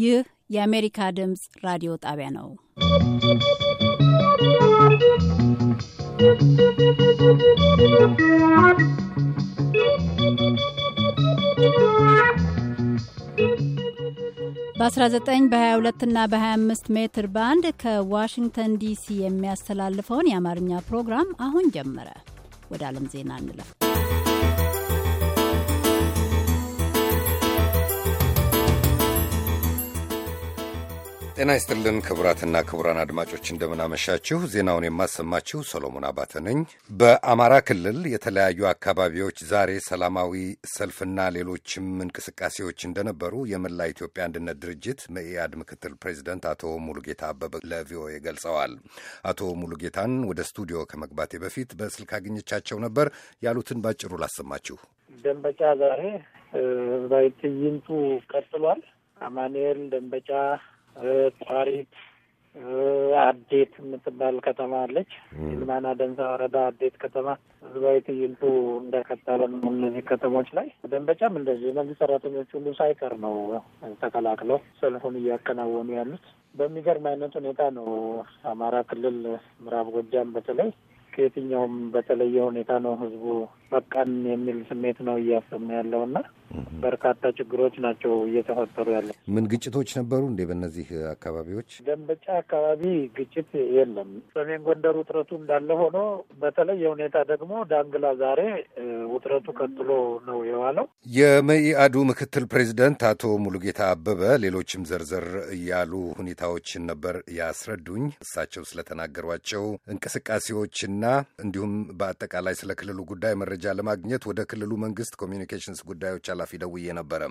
ይህ የአሜሪካ ድምፅ ራዲዮ ጣቢያ ነው። በ19 በ22 እና በ25 ሜትር ባንድ ከዋሽንግተን ዲሲ የሚያስተላልፈውን የአማርኛ ፕሮግራም አሁን ጀመረ። ወደ ዓለም ዜና እንለፍ። ጤና ይስጥልን ክቡራትና ክቡራን አድማጮች እንደምናመሻችሁ። ዜናውን የማሰማችሁ ሰሎሞን አባተ ነኝ። በአማራ ክልል የተለያዩ አካባቢዎች ዛሬ ሰላማዊ ሰልፍና ሌሎችም እንቅስቃሴዎች እንደነበሩ የመላ ኢትዮጵያ አንድነት ድርጅት መኢአድ ምክትል ፕሬዚደንት አቶ ሙሉጌታ አበበ ለቪኦኤ ገልጸዋል። አቶ ሙሉጌታን ወደ ስቱዲዮ ከመግባቴ በፊት በስልክ አግኝቻቸው ነበር። ያሉትን ባጭሩ ላሰማችሁ። ደንበጫ ዛሬ ትዕይንቱ ቀጥሏል። አማንኤል ደንበጫ ጣሪት አዴት የምትባል ከተማ አለች። ይልማና ደንሳ ወረዳ አዴት ከተማ ህዝባዊ ትዕይንቱ እንደቀጠለ ነው። እነዚህ ከተሞች ላይ ደንበጫም እንደዚህ የመንግስት ሰራተኞች ሁሉ ሳይቀር ነው ተቀላቅለው ሰልፉን እያከናወኑ ያሉት። በሚገርም አይነት ሁኔታ ነው። አማራ ክልል ምዕራብ ጎጃም በተለይ ከየትኛውም በተለየ ሁኔታ ነው ህዝቡ በቃን የሚል ስሜት ነው እያሰማ ያለው እና በርካታ ችግሮች ናቸው እየተፈጠሩ ያለ። ምን ግጭቶች ነበሩ እንዴ? በእነዚህ አካባቢዎች ደንበጫ አካባቢ ግጭት የለም። ሰሜን ጎንደር ውጥረቱ እንዳለ ሆኖ በተለየ ሁኔታ ደግሞ ዳንግላ ዛሬ ውጥረቱ ቀጥሎ ነው የዋለው። የመኢአዱ ምክትል ፕሬዚደንት አቶ ሙሉጌታ አበበ ሌሎችም ዘርዘር ያሉ ሁኔታዎችን ነበር ያስረዱኝ። እሳቸው ስለተናገሯቸው እንቅስቃሴዎችና እንዲሁም በአጠቃላይ ስለ ክልሉ ጉዳይ መረጃ ለማግኘት ወደ ክልሉ መንግስት ኮሚኒኬሽንስ ጉዳዮች ኃላፊ ደውዬ ነበረ።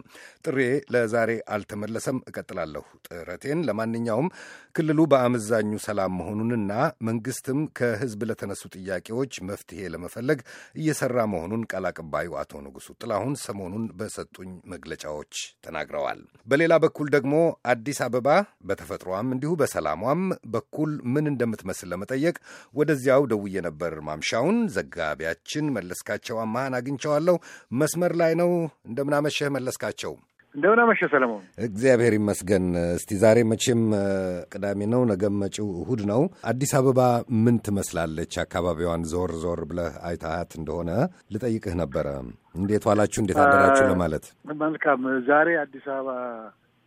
ጥሬ ለዛሬ አልተመለሰም። እቀጥላለሁ ጥረቴን። ለማንኛውም ክልሉ በአመዛኙ ሰላም መሆኑንና መንግስትም ከህዝብ ለተነሱ ጥያቄዎች መፍትሄ ለመፈለግ እየሰራ መሆኑን ቃል ቃል አቀባዩ አቶ ንጉሱ ጥላሁን ሰሞኑን በሰጡኝ መግለጫዎች ተናግረዋል። በሌላ በኩል ደግሞ አዲስ አበባ በተፈጥሯም እንዲሁ በሰላሟም በኩል ምን እንደምትመስል ለመጠየቅ ወደዚያው ደውዬ ነበር ማምሻውን። ዘጋቢያችን መለስካቸው አማሃን አግኝቸዋለሁ። መስመር ላይ ነው። እንደምናመሸህ መለስካቸው። እንደምን አመሸ ሰለሞን። እግዚአብሔር ይመስገን። እስቲ ዛሬ መቼም ቅዳሜ ነው፣ ነገ መጪው እሁድ ነው። አዲስ አበባ ምን ትመስላለች? አካባቢዋን ዞር ዞር ብለህ አይታሃት እንደሆነ ልጠይቅህ ነበረ። እንዴት ዋላችሁ፣ እንዴት አደራችሁ ለማለት። መልካም። ዛሬ አዲስ አበባ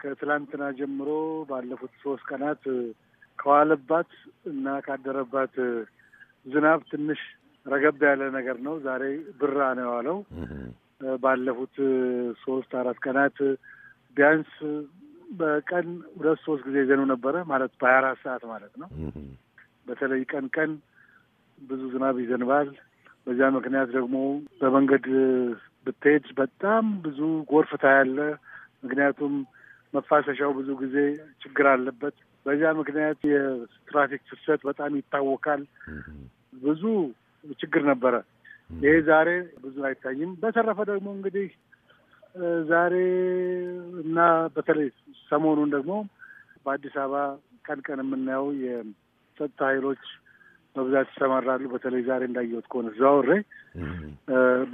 ከትላንትና ጀምሮ ባለፉት ሶስት ቀናት ከዋለባት እና ካደረባት ዝናብ ትንሽ ረገብ ያለ ነገር ነው። ዛሬ ብራ ነው የዋለው። ባለፉት ሶስት አራት ቀናት ቢያንስ በቀን ሁለት ሶስት ጊዜ ዘኑ ነበረ ማለት በሀያ አራት ሰዓት ማለት ነው። በተለይ ቀን ቀን ብዙ ዝናብ ይዘንባል። በዚያ ምክንያት ደግሞ በመንገድ ብትሄድ በጣም ብዙ ጎርፍ ታያለ። ምክንያቱም መፋሰሻው ብዙ ጊዜ ችግር አለበት። በዚያ ምክንያት የትራፊክ ፍሰት በጣም ይታወካል። ብዙ ችግር ነበረ። ይሄ ዛሬ ብዙ አይታይም። በተረፈ ደግሞ እንግዲህ ዛሬ እና በተለይ ሰሞኑን ደግሞ በአዲስ አበባ ቀን ቀን የምናየው የጸጥታ ኃይሎች በብዛት ይሰማራሉ። በተለይ ዛሬ እንዳየሁት ከሆነ ዘዋውሬ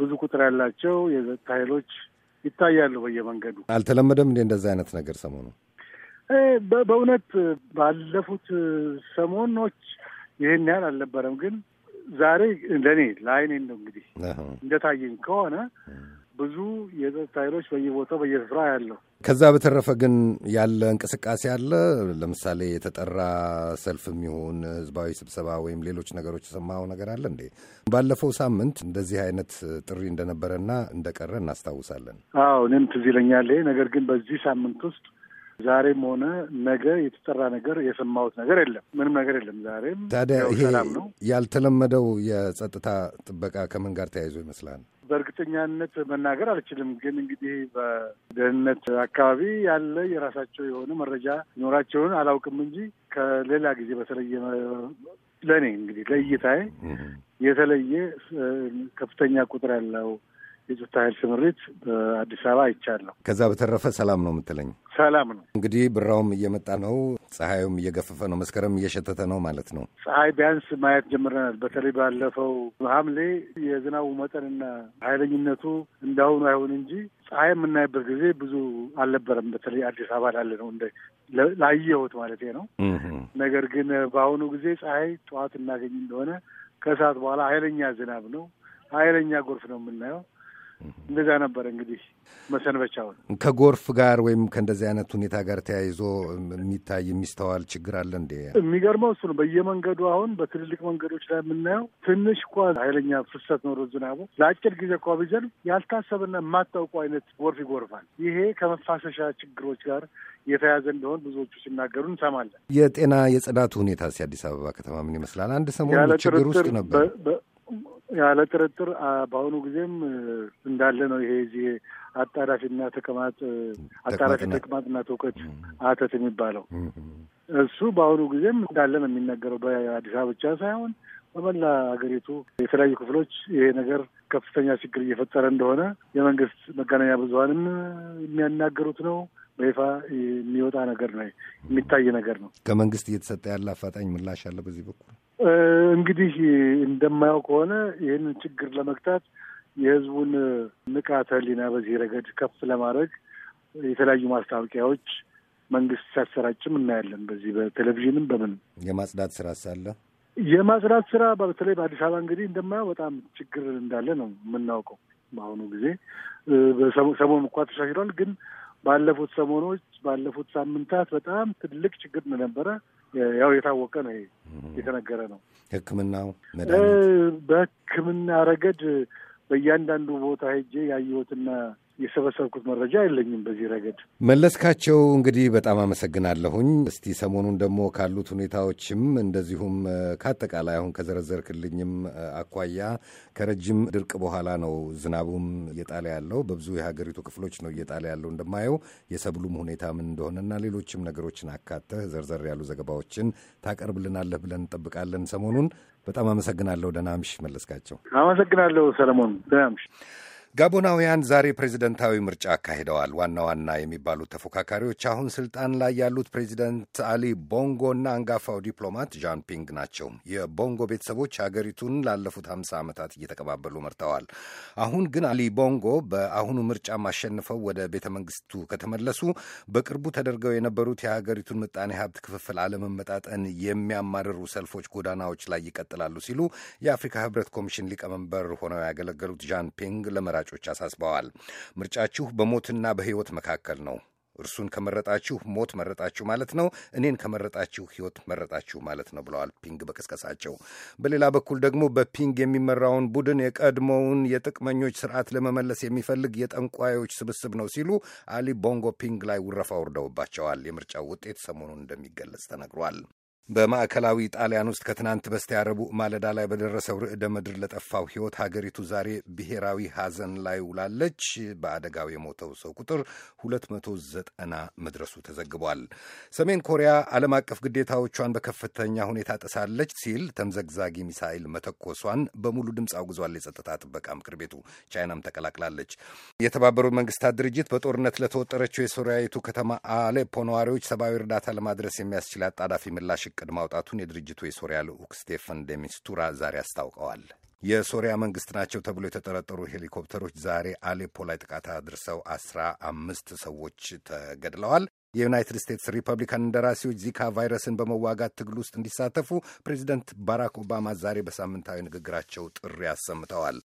ብዙ ቁጥር ያላቸው የጸጥታ ኃይሎች ይታያሉ በየመንገዱ። አልተለመደም እንዴ እንደዛ አይነት ነገር ሰሞኑ? በእውነት ባለፉት ሰሞኖች ይህን ያህል አልነበረም፣ ግን ዛሬ ለእኔ ለአይኔ ነው እንግዲህ እንደታየኝ ከሆነ ብዙ የጸጥታ ኃይሎች በየቦታው በየስፍራ ያለው። ከዛ በተረፈ ግን ያለ እንቅስቃሴ አለ። ለምሳሌ የተጠራ ሰልፍ የሚሆን ህዝባዊ ስብሰባ ወይም ሌሎች ነገሮች የሰማው ነገር አለ እንዴ? ባለፈው ሳምንት እንደዚህ አይነት ጥሪ እንደነበረና እንደቀረ እናስታውሳለን። አዎ እኔም ትዝ ይለኛል። ነገር ግን በዚህ ሳምንት ውስጥ ዛሬም ሆነ ነገ የተጠራ ነገር የሰማሁት ነገር የለም። ምንም ነገር የለም። ዛሬም ታዲያ ይሄ ያልተለመደው የጸጥታ ጥበቃ ከምን ጋር ተያይዞ ይመስላል? በእርግጠኛነት መናገር አልችልም። ግን እንግዲህ በደህንነት አካባቢ ያለ የራሳቸው የሆነ መረጃ ይኖራቸውን አላውቅም እንጂ ከሌላ ጊዜ በተለየ ለእኔ እንግዲህ ለእይታዬ የተለየ ከፍተኛ ቁጥር ያለው የጸጥታ ኃይል ስምሪት በአዲስ አበባ አይቻለሁ። ከዛ በተረፈ ሰላም ነው የምትለኝ? ሰላም ነው። እንግዲህ ብራውም እየመጣ ነው፣ ፀሐዩም እየገፈፈ ነው፣ መስከረም እየሸተተ ነው ማለት ነው። ፀሐይ ቢያንስ ማየት ጀምረናል። በተለይ ባለፈው ሐምሌ የዝናቡ መጠንና ኃይለኝነቱ እንዳሁኑ አይሆን እንጂ ፀሐይ የምናይበት ጊዜ ብዙ አልነበረም። በተለይ አዲስ አበባ ላለ ነው እንደ ላየሁት ማለት ነው። ነገር ግን በአሁኑ ጊዜ ፀሐይ ጠዋት እናገኝ እንደሆነ ከሰዓት በኋላ ኃይለኛ ዝናብ ነው፣ ኃይለኛ ጎርፍ ነው የምናየው እንደዛ ነበር እንግዲህ መሰንበቻውን። ከጎርፍ ጋር ወይም ከእንደዚህ አይነት ሁኔታ ጋር ተያይዞ የሚታይ የሚስተዋል ችግር አለ እንዴ? የሚገርመው እሱ ነው። በየመንገዱ አሁን በትልልቅ መንገዶች ላይ የምናየው ትንሽ እኳ ኃይለኛ ፍሰት ኖሮ ዝናቡ ለአጭር ጊዜ እኳ ቢዘንብ ያልታሰብና የማታውቁ አይነት ጎርፍ ይጎርፋል። ይሄ ከመፋሰሻ ችግሮች ጋር የተያዘ እንደሆን ብዙዎቹ ሲናገሩ እንሰማለን። የጤና የጽዳቱ ሁኔታ ሲ አዲስ አበባ ከተማ ምን ይመስላል? አንድ ሰሞን ችግር ውስጥ ነበር። ያለ ጥርጥር በአሁኑ ጊዜም እንዳለ ነው። ይሄ እዚህ አጣዳፊና ተቀማጥ አጣዳፊ ተቅማጥና ትውከት አተት የሚባለው እሱ በአሁኑ ጊዜም እንዳለ ነው የሚነገረው። በአዲስ አበባ ብቻ ሳይሆን በመላ ሀገሪቱ የተለያዩ ክፍሎች ይሄ ነገር ከፍተኛ ችግር እየፈጠረ እንደሆነ የመንግስት መገናኛ ብዙሀንም የሚያናገሩት ነው። በይፋ የሚወጣ ነገር ነው፣ የሚታይ ነገር ነው። ከመንግስት እየተሰጠ ያለ አፋጣኝ ምላሽ አለ በዚህ በኩል እንግዲህ እንደማየው ከሆነ ይህንን ችግር ለመግታት የህዝቡን ንቃተ ህሊና በዚህ ረገድ ከፍ ለማድረግ የተለያዩ ማስታወቂያዎች መንግስት ሲያሰራጭም እናያለን። በዚህ በቴሌቪዥንም በምን የማጽዳት ስራ ሳለ የማጽዳት ስራ በተለይ በአዲስ አበባ እንግዲህ እንደማየው በጣም ችግር እንዳለ ነው የምናውቀው። በአሁኑ ጊዜ ሰሞኑ እንኳ ተሻሽሏል፣ ግን ባለፉት ሰሞኖች ባለፉት ሳምንታት በጣም ትልቅ ችግር እንደነበረ ያው የታወቀ ነው፣ የተነገረ ነው። ሕክምናው በሕክምና ረገድ በእያንዳንዱ ቦታ ሄጄ ያየሁትና የሰበሰብኩት መረጃ የለኝም በዚህ ረገድ። መለስካቸው እንግዲህ በጣም አመሰግናለሁኝ። እስቲ ሰሞኑን ደግሞ ካሉት ሁኔታዎችም እንደዚሁም ከአጠቃላይ አሁን ከዘረዘርክልኝም አኳያ ከረጅም ድርቅ በኋላ ነው ዝናቡም እየጣለ ያለው በብዙ የሀገሪቱ ክፍሎች ነው እየጣለ ያለው እንደማየው የሰብሉም ሁኔታ ምን እንደሆነና ሌሎችም ነገሮችን አካተህ ዘርዘር ያሉ ዘገባዎችን ታቀርብልናለህ ብለን እንጠብቃለን። ሰሞኑን በጣም አመሰግናለሁ። ደህና መለስካቸው። አመሰግናለሁ ሰለሞን። ደህና ጋቦናውያን ዛሬ ፕሬዚደንታዊ ምርጫ አካሂደዋል። ዋና ዋና የሚባሉት ተፎካካሪዎች አሁን ስልጣን ላይ ያሉት ፕሬዚደንት አሊ ቦንጎ እና አንጋፋው ዲፕሎማት ዣን ፒንግ ናቸው። የቦንጎ ቤተሰቦች ሀገሪቱን ላለፉት ሃምሳ ዓመታት እየተቀባበሉ መርተዋል። አሁን ግን አሊ ቦንጎ በአሁኑ ምርጫ አሸንፈው ወደ ቤተ መንግስቱ ከተመለሱ በቅርቡ ተደርገው የነበሩት የሀገሪቱን ምጣኔ ሀብት ክፍፍል አለመመጣጠን የሚያማርሩ ሰልፎች ጎዳናዎች ላይ ይቀጥላሉ ሲሉ የአፍሪካ ህብረት ኮሚሽን ሊቀመንበር ሆነው ያገለገሉት ዣን ፒንግ ለመራ መራጮች አሳስበዋል። ምርጫችሁ በሞትና በሕይወት መካከል ነው። እርሱን ከመረጣችሁ ሞት መረጣችሁ ማለት ነው። እኔን ከመረጣችሁ ሕይወት መረጣችሁ ማለት ነው ብለዋል ፒንግ በቀስቀሳቸው በሌላ በኩል ደግሞ በፒንግ የሚመራውን ቡድን የቀድሞውን የጥቅመኞች ስርዓት ለመመለስ የሚፈልግ የጠንቋዮች ስብስብ ነው ሲሉ አሊ ቦንጎ ፒንግ ላይ ውረፋ ወርደውባቸዋል። የምርጫው ውጤት ሰሞኑን እንደሚገለጽ ተነግሯል። በማዕከላዊ ጣሊያን ውስጥ ከትናንት በስቲያ ረቡዕ ማለዳ ላይ በደረሰው ርዕደ ምድር ለጠፋው ሕይወት ሀገሪቱ ዛሬ ብሔራዊ ሐዘን ላይ ውላለች። በአደጋው የሞተው ሰው ቁጥር 290 መድረሱ ተዘግቧል። ሰሜን ኮሪያ ዓለም አቀፍ ግዴታዎቿን በከፍተኛ ሁኔታ ጥሳለች ሲል ተምዘግዛጊ ሚሳይል መተኮሷን በሙሉ ድምፅ አውግዟል የጸጥታ ጥበቃ ምክር ቤቱ። ቻይናም ተቀላቅላለች። የተባበሩት መንግስታት ድርጅት በጦርነት ለተወጠረችው የሶሪያዊቱ ከተማ አሌፖ ነዋሪዎች ሰብአዊ እርዳታ ለማድረስ የሚያስችል አጣዳፊ ምላሽ እቅድ ማውጣቱን የድርጅቱ የሶሪያ ልዑክ ስቴፈን ደሚስቱራ ዛሬ አስታውቀዋል። የሶሪያ መንግስት ናቸው ተብሎ የተጠረጠሩ ሄሊኮፕተሮች ዛሬ አሌፖ ላይ ጥቃት አድርሰው አስራ አምስት ሰዎች ተገድለዋል። የዩናይትድ ስቴትስ ሪፐብሊካን እንደራሴዎች ዚካ ቫይረስን በመዋጋት ትግል ውስጥ እንዲሳተፉ ፕሬዚደንት ባራክ ኦባማ ዛሬ በሳምንታዊ ንግግራቸው ጥሪ አሰምተዋል።